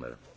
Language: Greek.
σήμερα.